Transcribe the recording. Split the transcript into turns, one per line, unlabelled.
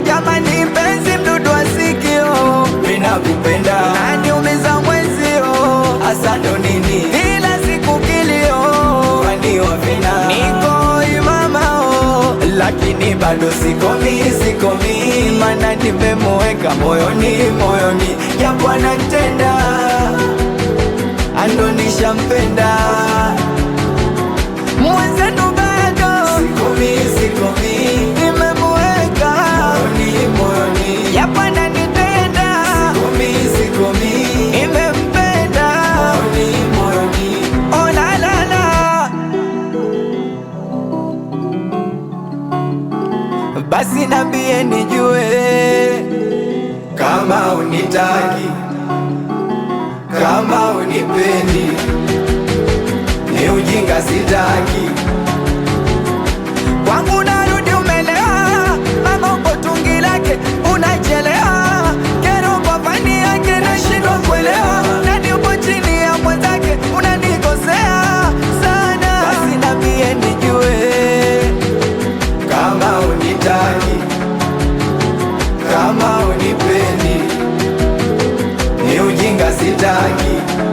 jamani, mpenzi mdudu wa sikio,
ninakupenda
nani umiza mwenzio,
hasa ndo nini
ila siku kilio
waniovina
nikoi mamao,
lakini bado sikomi sikomi,
mana nimemweka moyoni moyoni, japo anatenda andonisha mpenda basi nambie nijue.
Kama unitaki, kama unipendi, ni ujinga sitaki kupinga sitaki